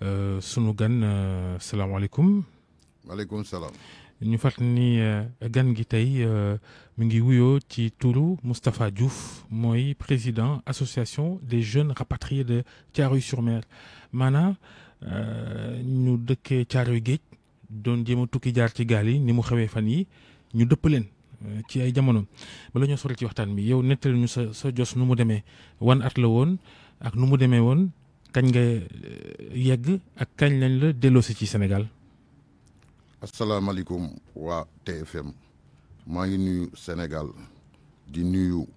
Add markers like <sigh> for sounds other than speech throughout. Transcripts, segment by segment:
Euh, sunu gan euh, salaamaaleykum. maaleykum salaam. ñu fàttali ni euh, gan gi tey mu ngi wuyoo ci tuuru Moustapha Diouf mooy président association des jeunes rapatriés de Thiaroye-sur-Mer maanaam ñu dëkkee Thiaroye géej doon jéem a tukki jaar ci gaal yi ni mu xewee fan yi ñu dëpp leen ci ay jamono bala ñoo sori ci waxtaan bi yow nettali ñu sa sa jos nu mu demee wan at la woon ak nu mu demee woon. kañ nga euh, yegg ak kañ lañ la delloosi ci senegal Sénégal. asalaamaaleykum waa TFM maa ngi nuyu Sénégal di nuyu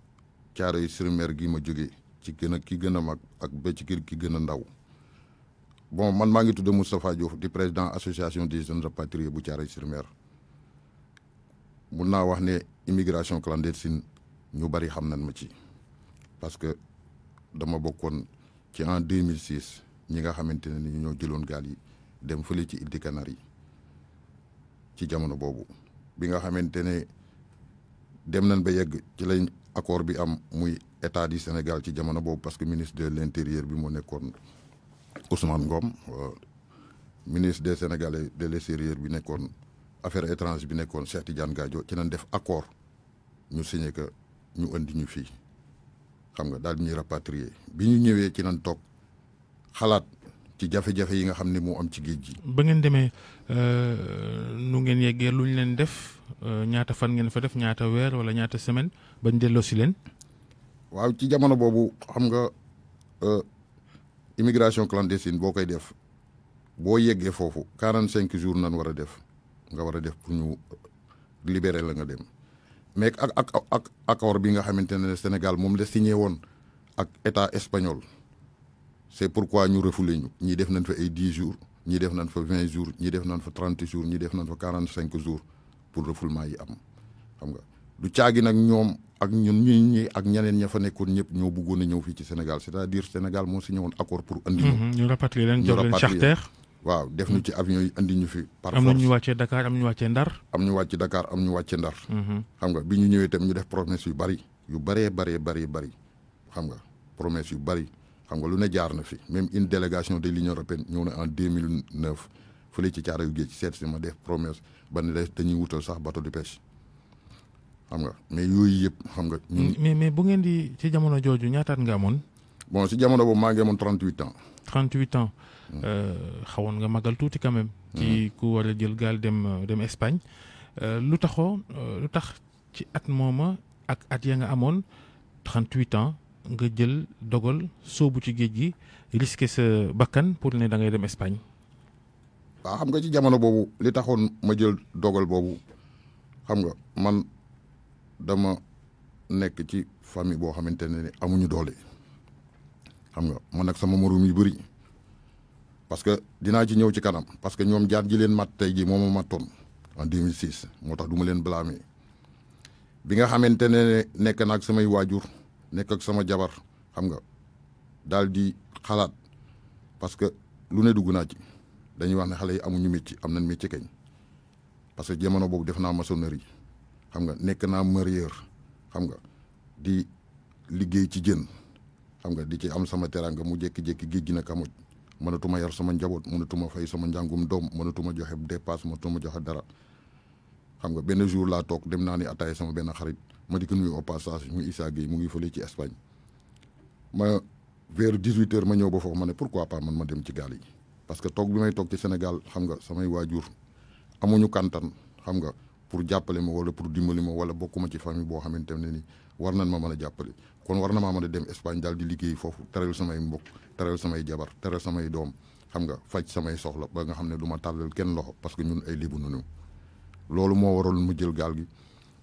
Thiaroye sur Mer gi ma jóge ci gën a ki gën a mag ak ba ci ki gën a ndaw bon man maa ngi tudd Moustapha Diouf di président association des jeunes rapatriés bu Thiaroye sur Mer mun naa wax ne immigration clandestine ñu bari xam nañ ma ci parce que dama bokkoon. ci en 2006 ñi nga xamante ne ni ñoo jëloon gaal yi dem fële ci Îles yi ci jamono boobu bi nga xamante ne dem nañ ba yegg ci lañ accord bi am muy état du Sénégal ci jamono boobu parce que ministre de l'intérieur bi moo nekkoon Ousmane Ngom euh, ministre des Sénégalais de l'extérieur bi nekkoon affaire étrangères bi nekkoon Cheikh Tidiane Gadio ci lañ def accord ñu signé que ñu andi ñu fii. xam nga daal di ñuy rapatrier bi ñu ñëwee ci nan toog xalaat ci jafe-jafe yi nga xam ne moo am ci géej gi. ba ngeen demee euh, nu ngeen yeggee lu ñu leen def euh, ñaata fan ngeen fa def ñaata weer wala ñaata semaine bañ delloo si leen. waaw ci jamono boobu xam nga euh, immigration clandestine boo koy def boo yeggee foofu quarante cinq jours nan war a def nga war a def pour ñu libérer la nga dem. mais ak ak ak accord bi nga xamante ne Sénégal moom la signé woon ak état espagnol c'est pourquoi ñu refoulé ñu ñii def nañ fa ay dix jours ñii def nañ fa vingt jours ñii def nañ fa trente jours ñii def nañ fa quarante cinq jours pour refoulement yi am xam nga du caagi nag ñoom ak ñun ñun ñi ak ñeneen ña fa nekkoon ñëpp ñoo bëggoon a ñëw fii ci Sénégal c'est-à-dire Sénégal moo signé woon accord pour andi ñu mmh rapatrier leen jox leen charter waaw def ñu hmm. ci avion yi andi ñu fi. par force am ñu wàccee Dakar am ñu wàccee Ndar. am ñu wàcc Dakar am wàcce Ndar. xam nga bi ñu ñëwee tam ñu def promesse yu bari yu bëree bëree bëri bëri xam nga promesse yu bari xam nga lu ne jaar na fi même une délégation de l'Union européenne ñëw na en 2009 fële ci caara yu géej ci seet si ma def promesse ba ne dañuy wutal sax bateau de pêche xam nga mais yooyu yëpp xam nga. mais mais bu ngeen di ci jamono jooju ñaataat nga amoon. bon si jamono boobu maa ngi amoon 38 ans. 38 ans. Euh, xawoon nga magal tuuti quand même. ci mm. ku war a jël gaal dem euh, dem Espagne. Euh, lu taxoo lu tax ci at mooma ak at ya nga amoon 38 ans nga jël dogal soobu ci géej gi risqué sa bakkan pour ne da ngay dem Espagne. waaw xam nga ci jamono boobu li taxoon ma jël dogal boobu xam nga man dama nekk ci famille boo xamante ne ni amuñu doole. xam nga man nag sama morom yu bëri parce que dinaa ci ñëw ci kanam parce que ñoom jaar ji leen mat tey jii moom ma mattoon en 2006 moo tax du ma leen blâmer bi nga xamante ne nekk na ak samay waajur nekk ak sama jabar xam nga daal di xalaat parce que lu ne dugg naa ci dañuy wax ne xale yi amuñu métier am nañ métier kañ parce que jamono boobu def naa maçonnerie xam nga nekk naa mareyeur xam nga di liggéey ci jën. xam nga di ci am sama teraanga mu jékki-jékki géej gi na ka moj mënatuma yar sama njaboot mënatuma fay sama njàngum doom mënatuma joxe dépasse mënatuma joxe dara xam nga benn jour laa toog dem naa ni ataay sama benn xarit ma di ko nuyu au passage mu Issa Gueye mu ngi fële ci Espagne ma vers 18 heures ma ñëw ba foofu ma ne pour pourquoi pas man ma dem ci gaal parce que toog bi may toog ci Sénégal xam nga samay waajur amuñu kantan xam nga pour jàppale ma wala pour dimbali ma wala bokkuma ci famille boo xamante ne ni war nañ ma mën a jàppale kon war na maa mën a dem Espagne daal di liggéey foofu teral samay mbokk teral samay jabar teral samay doom xam nga faj samay soxla ba nga xam ne duma ma tàllal kenn loxo parce que ñun ay libu nunu loolu moo waral mu jël gaal gi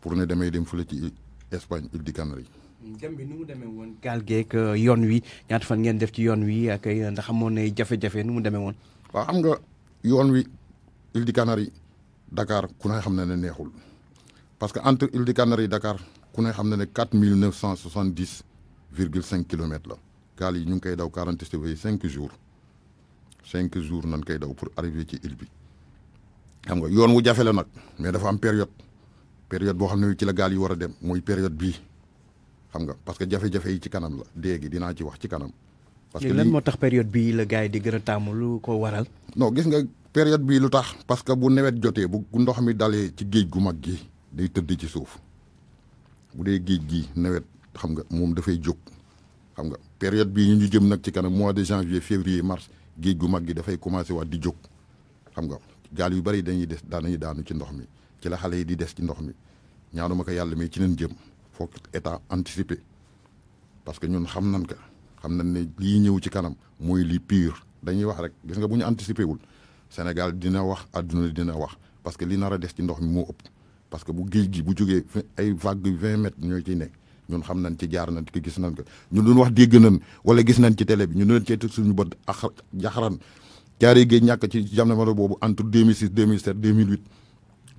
pour ne damay dem fële ci Espagne îles Canaries dem bi nu mu demee woon gaal geeg euh, yoon wi ñaata fan ngeen def ci yoon wi ak euh, ndax amoon na jafe-jafe nu mu demee woon. waaw xam nga yoon wi îles Canaries Dakar ku ne xam na ne neexul parce que entre îles Canaries dakaar ku ne xam na ne quatre mille neuf cent soixante dix virgule cinq kilomètres la gaal yi ñu ngi koy daw quarante sept cinq jours cinq jours nan koy daw pour arriver ci île bi xam nga yoon wu jafe la nag mais dafa am période période boo xam ne ci la gaal yi war a dem mooy période bii xam nga parce que jafe-jafe yi ci kanam la léegi dinaa ci wax ci kanam. parce que lan moo tax période bii la gars yi di gën a taamu lu ko waral. non gis nga période bii lu tax parce que bu nawet jotee bu ndox mi dalee ci géej gu mag gi day tëdd ci suuf. bu dee géej gi nawet xam nga moom dafay jóg xam nga période bii ñu jëm nag ci kanam mois de janvier février mars géej gu mag gi dafay commencé waat di jóg xam nga gaal yu bari dañuy des daanañu daanu ci ndox mi ci la xale yi di des ci ndox mi ñaanuma ko yàlla mais ci neen jëm foog état anticiper parce que ñun xam nan ka xam nañ ne lii ñëw ci kanam mooy lii piir dañuy wax rek gis nga bu ñu anticiper wul Sénégal dina wax àdduna dina wax parce que li nar a des ci ndox mi moo ëpp parce que bu géej gi bu jógee ay vague yu vingt mètres ñoo ciy nekk ñun xam nañ ci jaar nañ ko gis nañ ko ñun duñ wax dégg nañ wala gis nañ ci télé bi ñu doon cee teg suñu bët ak jaxaran jaaree géej ñàkk ci jamono boobu entre 2006 2007 2008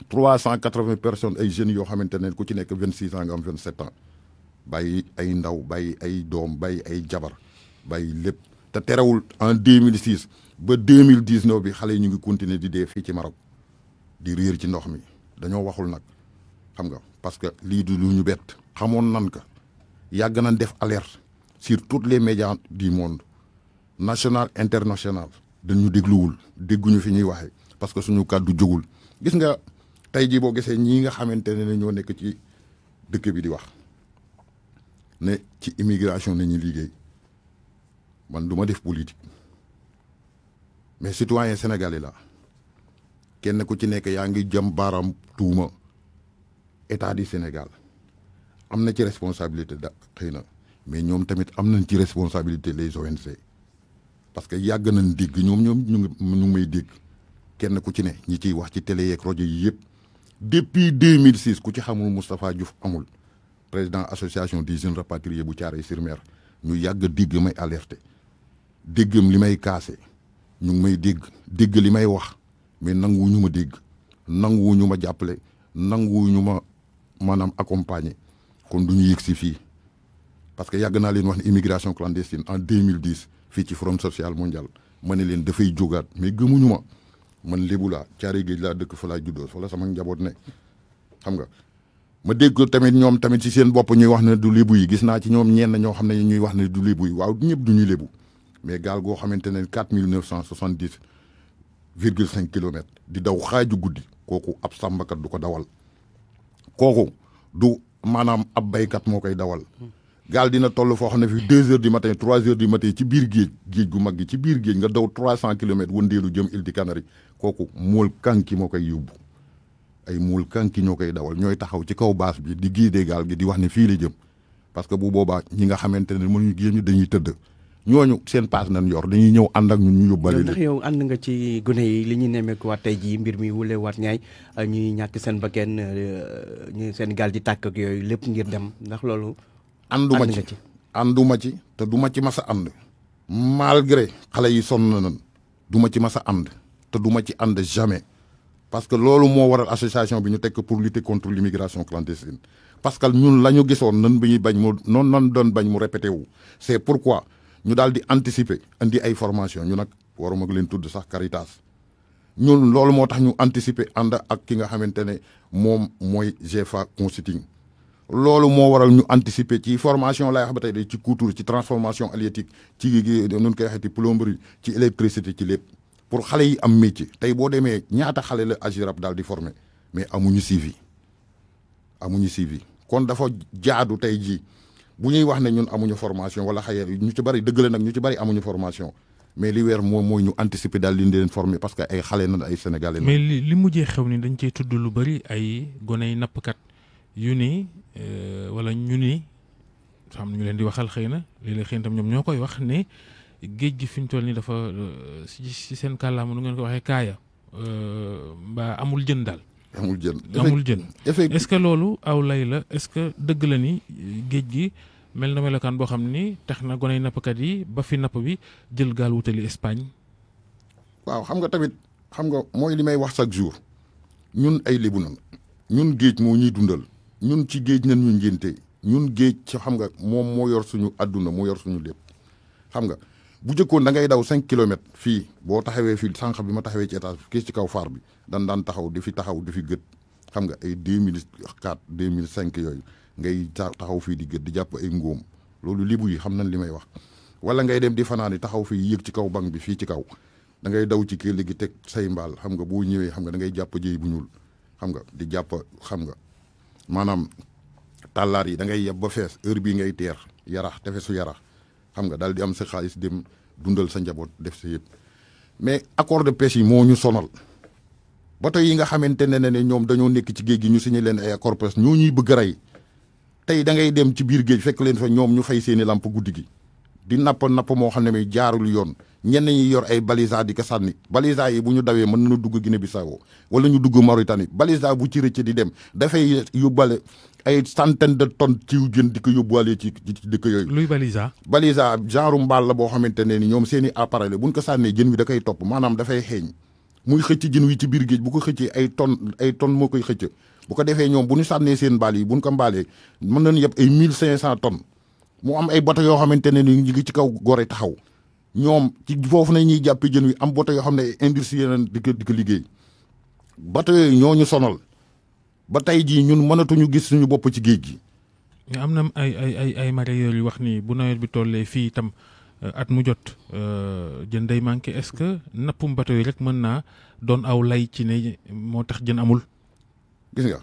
380 personnes ay jeunes yoo xamante ne ku ci nekk 26 ans nga am 27 ans bay ay ndaw bay ay doom bay ay jabar bàyyi lépp te terewul en 2006 ba 2019 bi xale yi ñu ngi continuer di dee fii ci Maroc di réer ci ndox mi. dañoo waxul nag xam nga parce que lii du lu ñu bett xamoon nan ka yàgg nañ def alerte sur toutes les médias du monde national international dañu dégluwul dégguñu fi ñuy waxe parce que suñu kàddu jógul gis nga tey jii boo gisee ñii nga xamante ne ñoo nekk ci dëkk bi di wax ne ci immigration nañu liggéey man duma def politique mais citoyen sénégalais la kenn ku ci nekk yaa ngi jëm baaraam tuuma état du Sénégal am na ci responsabilité da xëy na mais ñoom tamit am nañ ci responsabilité les ONG parce que yàgg nañ dégg ñoom ñoom ñu ngi ñu ngi may dégg kenn ku ci ne ñi ciy wax ci télé yeeg rajo yi yëpp depuis 2006 ku ci xamul Moustapha Diouf amul président association des jeunes rapatriés bu Thiaroye-sur-Mer ñu yàgg dégg may alerté déggam li may kaase ñu ngi may dégg dégg li may wax. mais nanguwuñu ma dégg nanguwuñu ma jàppale nanguwuñu ma maanaam accompagner kon du ñu yëg si fii parce que yàgg naa leen wax ne immigration clandestine en 2010 fii ci forum social mondial ma ne leen dafay jógaat mais gëmuñu ma man lébu laa caari géej laa dëkk fa laa juddoo fa sama njaboot na xam nga ma dégg tamit ñoom tamit ci seen bopp ñuy wax ne du lébu yi gis naa ci ñoom ñenn ñoo xam ne ñuy wax ne du lébu yi waaw ñëpp du ñuy lébu mais gaal goo xamante ne 4970 virgule cinq kilomètres di daw xaaju guddi kooku ab sàmmkat du ko dawal kooku du maanaam ab baykat moo koy dawal gaal dina toll foo xam ne fi deux heures du matin trois heures du matin ci biir géej géej gu mag gi ci biir géej nga daw trois cent kilomètres wëndeelu jëm île di Canaries kooku mool kànki moo koy yóbbu ay mool kanki ñoo koy dawal ñooy taxaw ci kaw baas bi di guider gaal gi di wax ne fii la jëm parce que bu boobaa ñi nga xamante ne mënuñu génn dañuy tëdd ñooñu seen paas nañ yor dañuy ñëw ànd ak ñun ñu yóbbale ndax yow ànd nga ci gune yi li ñuy nemmeekuwaat tey jii mbir mi wule waat ñaay euh, ñuy ñàkk seen ba euh, ñu seen gaal di tàkk yooyu lépp ngir dem ndax loolu ànduma ci ànduma ci te du ma ci mas a ànd malgré xale yi sonn nañ du ma ci mas a ànd te du ma ci ànd jamais parce que loolu moo waral association bi ñu tekk pour lutter contre l'immigration clandestine parce que ñun la ñu gisoon nan bi ñuy bañ mu noonu nan doon bañ mu répété wu c'est pourquoi ñu daal di anticiper andi ay formation ñu nag waruma leen tudd sax Caritas ñun loolu moo tax ñu anticiper ànd ak ki nga xamante ne moom mooy GFA Consulting loolu moo waral ñu anticiper ci formation lay wax ba tey ci couture ci transformation halieutique ci nun koy waxee ci plomberie ci électricité ci lépp pour xale yi am métier tey boo demee ñaata xale la AGIRAP daal di former mais amuñu suivi amuñu suivi kon dafa jaadu tey jii bu ñuy wax ne ñun amuñu formation wala xëy ñu ci bari dëgg la nag ñu ci bari amuñu formation mais li weer moom mooy ñu anticiper daal di leen forme parce que ay xale na ay sénégalais. mais li li mujjee xew ni dañ cee tudd lu bari ay goney nappkat yu ni euh, wala ñu ni xam ñu leen di waxal xëy na léeg-léeg xëy na tam ñoom ñoo koy wax ne géej gi fi ñu toll nii dafa euh, si seen kàllaama nu ngeen ko waxee kaaya euh, mbaa amul jën daal. amul jën amul jën est-ce que loolu aw lay la est-ce que dëgg la ni géej gi mel na melokaan boo xam ni tax na goney nappkat yi ba fi napp bi jël gaal wutali Espagne. waaw xam nga tamit xam nga mooy li may wax chaque jour ñun ay lébu nan ñun géej moo ñuy dundal ñun ci géej nan ñu njënte ñun géej ci xam nga moom moo yor suñu àdduna moo yor suñu lépp xam nga bu jëkkoon da ngay daw cinq kilomètres fii boo taxawee fii sànq bi ma taxawee ci étage kii ci kaw faar bi dan daan taxaw di fi taxaw di fi gët xam nga ay deux mille quatre deux mille cinq yooyu ngay taxaw fii di gët di jàpp ay ngóom loolu libu yi xam nañ li may wax wala ngay dem di fanaani taxaw fii yéeg ci kaw banc bi fii ci kaw da ngay daw ci këll gi teg say mbaal xam nga boo ñëwee xam nga dangay jàpp jëy bu ñuul xam nga di jàpp xam nga maanaam tàllaar yi da ngay yeb ba fees heure bii ngay teer yarax tefesu yarax xam nga daal di am sa xaalis dem dundal sa njaboot def sa yëpp mais accord de pêche yi moo ñu sonal bato yi nga xamante ne ne ñoom dañoo nekk ci géej gi ñu signé leen ay accord pêche ñu ñuy bëgg ray tey da ngay dem ci biir géej fekk leen fa ñoom ñu fay seeni làmp guddi gi di napp napp moo xam ne may jaarul yoon ñenn ñi yor ay balisa di ko sànni balisa yi bu ñu dawee mën nañu dugg Guinée Bissau wala ñu dugg Mauritanie balisa bu ci rëcc di dem dafay yóbbale ay centaine de tonnes ciw jën dikk ko yóbbuwaale ci dëkk yooyu. luy balisa. balisa genre mbaal la boo xamante ne ni ñoom seen i bu buñ ko sànnee jën wi da koy topp maanaam dafay xeeñ muy xëcc jën wi ci biir géej bu ko xëccee ay ton ay tonnes moo koy xëcc bu ko defee ñoom bu ñu sànnee seen mbaal yi bu buñ ko mbaalee mën nañu yëpp ay mille cinq cent tonnes mu am ay bato yoo xamante ne ni ñu ngi ci kaw yi taxaw ñoom ci foofu na ñuy jàppee jën wi am bato yoo xam ne industrie di ko di ko liggéey bato yooyu ñoo ñu sonal ba tey jii ñun mënatuñu gis suñu bopp ci géej gi. am na ay ay ay ay mareyeurs yu wax nii bu nawet bi tollee fii itam euh, at mu jot euh, jën day manqué est-ce que nappum bateau yi rek mën naa doon aw lay ci ne moo tax jën amul. gis nga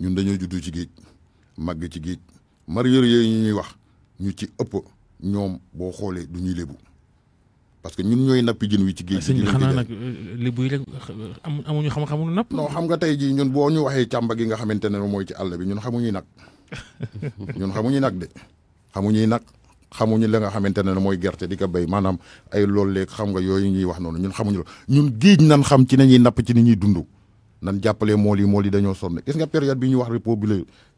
ñun dañoo juddu ci géej màgg ci géej mareyeurs yooyu ñuy wax ñu ci ëpp ñoom boo xoolee du ñuy lébu. parce que ñun ñooy nappi jin wi ci géej gi. sëñ bi xanaa nag euh, li buy rek amuñu xam-xamu napp. non xam nga tey jii ñun boo ñu waxee càmba gi nga xamante ne mooy ci àll bi ñun <laughs> xamuñu nag ñun xamuñuy nag de xamuñuy nag xamuñu la nga xamante ne mooy gerte di ko bay maanaam ay loolu léegi xam nga yooyu ñuy wax noonu ñun xamuñu la ñun géej nan xam ci nañuy napp ci ni ñuy dund. nan jàppale mool yi mool yi dañoo sonn gis nga période bi ñuy wax repos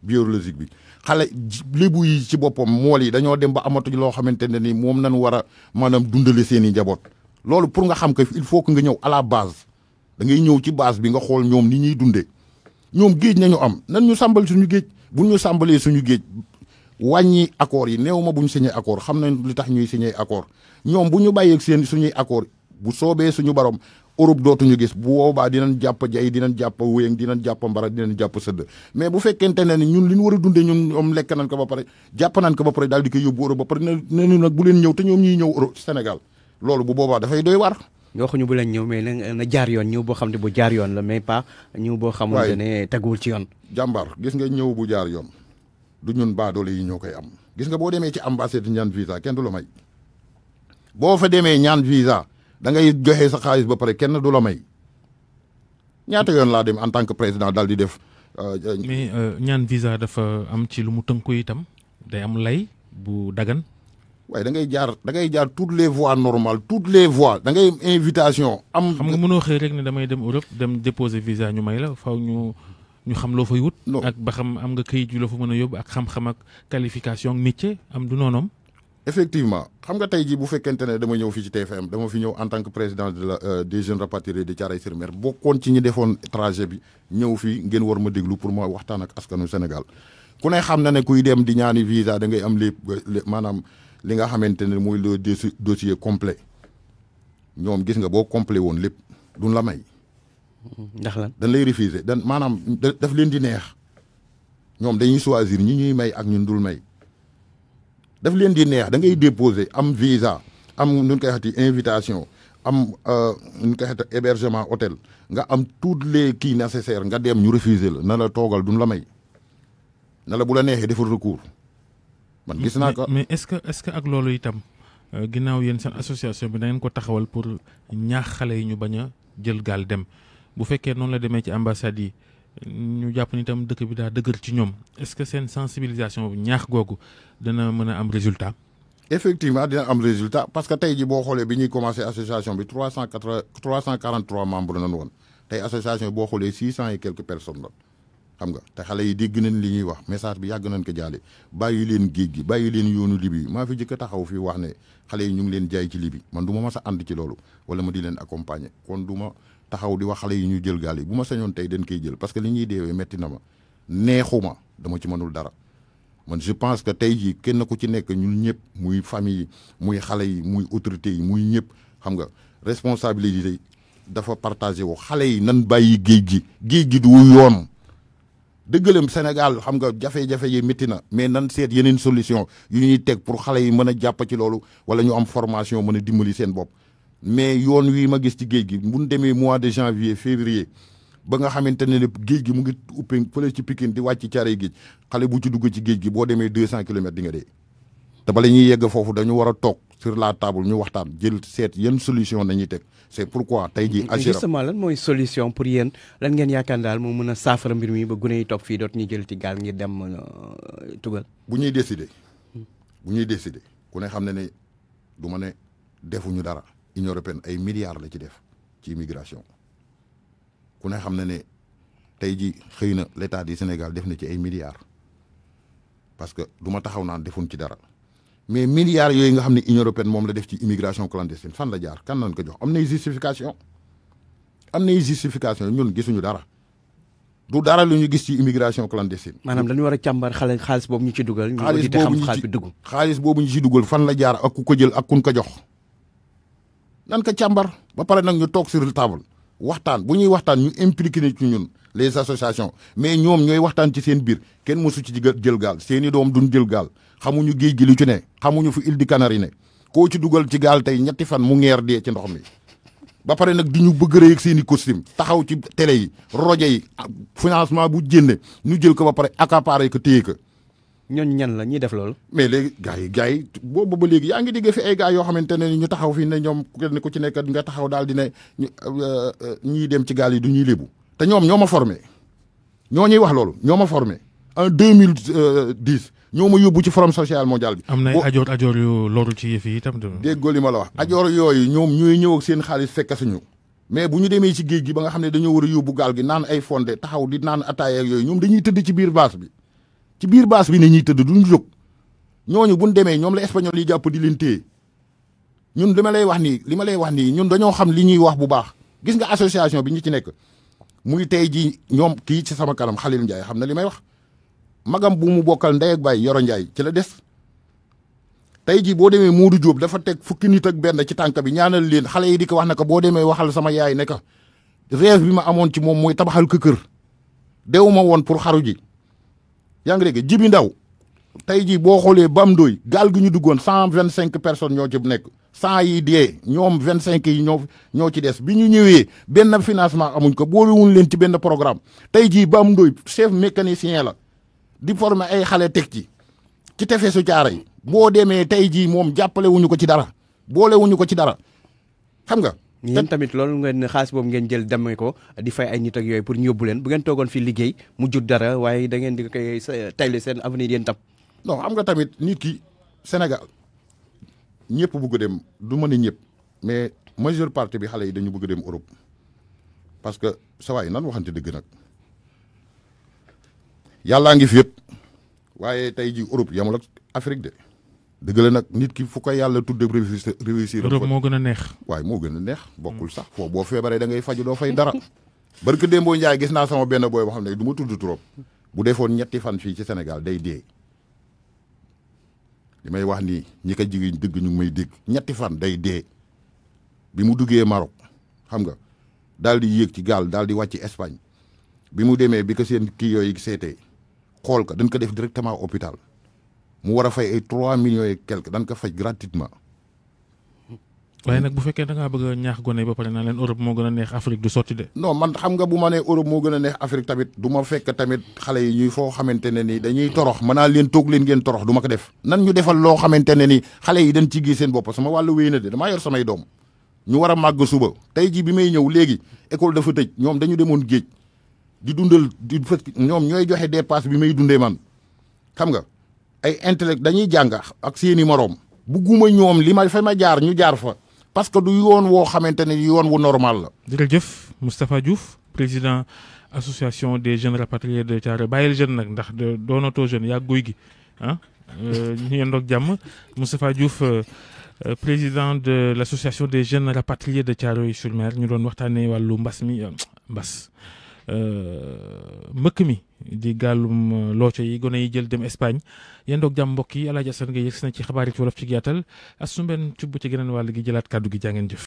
biologique bi xale lébu yi ci boppam mool yi dañoo dem ba amatuñ loo xamante ne nii moom nañ war a maanaam dundale seen i njaboot loolu pour nga xam que il faut que nga ñëw à la base da ngay ñëw ci base bi nga xool ñoom ni ñuy dundee ñoom géej nañu am nan ñu sambal suñu géej bu ñu sàmbalee suñu géej wàññi accords yi néew ma bu ñu signé accord xam nañ li tax ñuy signé accord ñoom bu ñu bàyyeeg seen suñuy accord bu soobee suñu borom Europe dootuñu gis bu boobaa dinañ jàpp jay dinañ jàpp dina dinañ jàpp mbara dinañ jàpp sëdd mais bu fekkente ne ni ñun li ñu war a dundee ñun ñoom lekk nañ ko ba pare jàpp nañ ko ba pare daal di koy yóbbu Europe ba pare nenu nag bu leen ñëw ñëw Europe Sénégal loolu bu boobaa dafay doy waar waxuñu bu leen ñëw mais na jaar yoon ñëw boo xam ne bu jaar yoon la mais pas ñëw boo xamante ne teguwul ci yoon jàmbaar gis nga ñëw bu jaar yoon du ñun baadoole yi ñoo koy am gis nga boo demee ci ambassade ñaan visa kenn du la may boo fa demee ñaan visa da ngay joxe sa xaalis ba pare kenn du la may ñaata yoon laa dem en tant que président daal di def. Euh, mais euh, ñaan visa dafa am ci lu mu tënku itam day am lay bu dagan. waaye da ngay jaar dangay jaar toutes les voies normales toutes les voies da ngay invitation. am xam nga mënoo xëy rek ne damay dem Europe dem déposer visa ñu may la faaw ñu ñu xam loo fay wut. ak ba xam am nga këyit yu la fa mën a yóbbu ak xam-xam ak qualification métier am du noonoom effectivement xam nga tey jii bu fekkente ne dama ñëw fii ci TFM dama fi ñëw en tant que président de la euh, des jeunes rapatriés de Thiaroye-sur-Mer bokkoon ci ñi defoon trajet bi ñëw fii ngeen war ma déglu pour ma waxtaan ak askanu Sénégal ku ne xam na ne kuy dem di ñaani visa da ngay am lépp euh, maanaam li nga xamante ne mooy le dossier complet ñoom gis nga boo complet woon lépp duñ la may. ndax lan dañ lay refuser dan maanaam daf leen di neex ñoom dañuy choisir ñi ñuy may ak ñun dul may. def leen di neex da ngay déposer am visa am nu ñu koy waxati invitation am euh, nu ñu koy waxati hébergement hôtel nga am toutes les kii nécessaires nga dem ñu refuser la na la toogal duñ la may na la bu la neexee defal recours. man gis naa ko mais est-ce que est-ce que ak loolu itam euh, ginnaaw yéen seen association bi nangeen ko taxawal pour ñaax xale yi ñu bañ a jël gaal dem bu fekkee noonu la demee ci ambassade yi. ñu jàpp ni tam dëkk bi daa dëgër ci ñoom est-ce que seen sensibilisation bu ñaax googu dana mën a am résultat. effectivement dina am résultat parce que tey ji boo xoolee bi ñuy commencé association bi trois cent quatre trois cent quarante trois membres nañu woon tey association boo xoolee six cent et quelques personnes la xam nga te xale yi dégg nañ li ñuy wax message bi yàgg nañ ko jaale bàyyi leen géej gi bàyyi leen yoonu libi maa fi jëkk taxaw fii wax ne xale yi ñu ngi leen jaay ci libi man du ma mas a ànd ci loolu wala ma di leen accompagner kon du ma taxaw di wax xale yi ñu jël gaal yi bu ma sañoon tey dañ koy jël parce que li ñuy deewee métti na ma neexuma dama ci mënul dara man je pense que tey jii kenn ku ci nekk ñun ñëpp muy famille yi muy xale yi muy autorité yi muy ñëpp xam nga responsabilité dafa partagé wu xale yi nan bàyyi géej gi géej gi du yoon dëggalem Sénégal xam nga jafe-jafe yi métti na mais nan seet yeneen solution yu ñuy teg pour xale yi mën a jàpp ci loolu wala ñu am formation mën a dimbali seen bopp mais yoon wii ma gis ci géej gi bu ñu demee mois de janvier février ba nga xamante ne ne géej gi mu ngi uppee fële ci Pikine di wàcc caaray géej xale bu ci dugg ci géej gi boo demee deux cent kilomètres di nga dee te bala ñuy yegg foofu dañu war a toog sur la table ñu waxtaan jël seet yan solution nañuy teg c'est pourquoi tey jii Agirap justement lan mooy solution pour yéen lan ngeen yaakaar daal moo mën a saafara mbir mi ba gune yi toog fii doot ñu jël ci gaal ngir dem euh, tugal bu ñuy décider ñuy décider ku ne xam ne ne du ma ne defuñu dara Union européenne ay milliards la ci def ci immigration ku ne xam ne ne tey ji xëy na di du Sénégal def na ci ay milliards parce que du ma taxaw naan defuñ ci dara mais milliards yooyu nga xam ne Union européenne moom la def ci immigration clandestine fan la jaar kan lañ ko jox am nay justification am nay justification ñun gisuñu dara du dara lu ñu gis ci immigration clandestine. maanaam dañu war a càmbar xaalis boobu ñu ci dugal. ñu xam xaalis bi dugg xaalis boobu ñu ci dugal fan la jaar ak ko jël ak kun ko jox. nan ko càmbar ba pare nag ñu toog sur le waxtaan bu ñuy waxtaan ñu impliqué ne ci ñun les associations mais ñoom ñooy waxtaan ci seen biir kenn mësu ci jël gaal seeni i doom duñ jël gaal xamuñu géej gi lu ci ne xamuñu fu île kanari ne koo ci dugal ci gaal tey ñetti fan mu ngeer dee ci ndox mi. ba pare nag di ñu bëgg rëy ak seen costume taxaw ci télé yi rojo yi financement bu jënne ñu jël ko ba pare accaparé ko téye ka ñooñu ñenn la ñuy def loolu. mais léegi gars yi gars yi boobu ba léegi yaa ngi dégg fi ay gars yoo xamante ne ñu taxaw fii ne ñoom ku ci nekk nga taxaw daal di ne euh, euh, ñiy dem ci gaal yi du ñuy lébu. te ñoom ñoo ma formé ñoo ñuy wax loolu ñoo ma formé en deux mille dix ñoo ma yóbbu ci forum social mondial bi. am na ay ajoor ajoor yu loru ci yëf yi itam. déggoo li ma la wax ajoor yooyu ñoom ñooy ñëw ak seen xaalis fekk suñu. mais bu ñu demee ci géej gi ba nga xam ne dañoo war a yóbbu gaal gi naan ay fonde taxaw di naan ataaya ak yooyu ñoom dañuy tëdd ci biir baas bi ci biir baas bi ne ñuy tëdd duñu jóg ñooñu buñ demee ñoom la espagnol yi jàpp di leen téye ñun li ma lay wax nii li ma lay wax nii ñun dañoo xam li ñuy wax bu baax gis nga association bi ñu ci nekk muy tey ji ñoom kii ci sama kanam Khalil Ndiaye xam na li may wax magam bu mu bokkal ndey ak baay Yoro Ndiaye ci la des tey jii boo demee Modou jóob dafa teg fukki nit ak benn ci tànk bi ñaanal leen xale yi di ko wax na ko boo demee waxal sama yaay ne ko rêve bi ma amoon ci moom mooy tabaxal ko kër dewu woon pour xaru ji yaa ngi dégg jibi ndaw tey jii boo xoolee Bamdoy gaal gi ñu duggoon cent vingt cinq personnes ñoo ci nekk cent yi dee ñoom vingt cinq yi ñoo ñoo ci des bi ñu ñëwee benn financement amuñ ko boolewuñ leen ci benn programme tey jii Bamdoy chef mécanicien la di former ay xale teg ci ci tefe su caara yi boo demee tey jii moom jàppale wuñu ko ci dara boolewuñu ko ci dara xam nga yéen tamit loolu ngeen xaalis boobu ngeen jël demee ko di fay ay nit ak yooyu pour ñu yóbbu leen bu ngeen toogoon fi liggéey mu jut dara waaye da ngeen di koy tayle seen avenir yéen tam non xam nga tamit nit ki Sénégal ñëpp bugg dem du ma ne ñëpp mais majeure partie bi xale yi dañu bugg dem Europe parce que sa waay nan waxante dëgg nag yàllaa ngi fi yëpp waaye tey ji Europe yamul ak Afrique de dëgg la nag nit ki fu ko yàlla tudd réussir réussir moo gën a neex waaye moo gën a neex mm. bokkul sax foo boo feebaree dangay ngay faju doo fay dara <laughs> barke Dembo Ndiaye gis naa sama benn booy boo xam ne du ma tudd trop bu defoon ñetti fan fii ci senegal day dee di may wax nii ñi ko jigéen dëgg ñu ngi may dégg ñetti fan day dee bi mu duggee Maroc xam nga daal di yéeg ci gaal daal di wàcc Espagne bi mu demee bi ko seen kii yooyu seetee xool ko dañ ko def directement hôpital mu war a fay ay trois millions et quelque dañ ko faj gratuitement. waaye nag bu fekkee da ngaa bëgg ñaax gone ba pare naa leen Europe moo gën a neex Afrique du sotti de. non man xam nga bu ma nee Europe moo gën a neex Afrique tamit du ma fekk tamit xale yi ñuy foo xamante ne ni dañuy torox mën naa leen toog leen ngeen torox du ma ko def. nan ñu defal loo xamante ne ni xale yi dañ ci gis seen bopp sama wàllu wéy na de dama yor samay doom ñu war a màgg suba tey jii bi may ñëw léegi école dafa tëj ñoom dañu demoon géej di dundal di fa ñoom ñooy joxe dépasse bi may dundee man xam nga ay intellect dañuy jàng ak seeni moroom bugguma ñoom li ma fa ma jaar ñu jaar fa parce que du yoon woo xamante ne yoon wu normal la. jërëjëf Moustapha Diouf président association des jeunes rapatriés de Thiaroye bàyyil jeune nag ndax doonatoo jeune yaa guy gi ah euh, ñu yendoog jàmm Moustapha Diouf euh, euh, président de l' association des jeunes rapatriés de Thiaroye-sur-Mer ñu doon waxtaanee wàllu mbas mi mbas mbëkk mi. di gàllum euh, looco yi gone yi jël dem Espagne yéen doog jàmm mbokk yi El Hadj nga yegsi ci xabaar yi wolof ci gàttal as su mbeen ci geneen wàll gi jëlaat kàddu gi jaa jëf.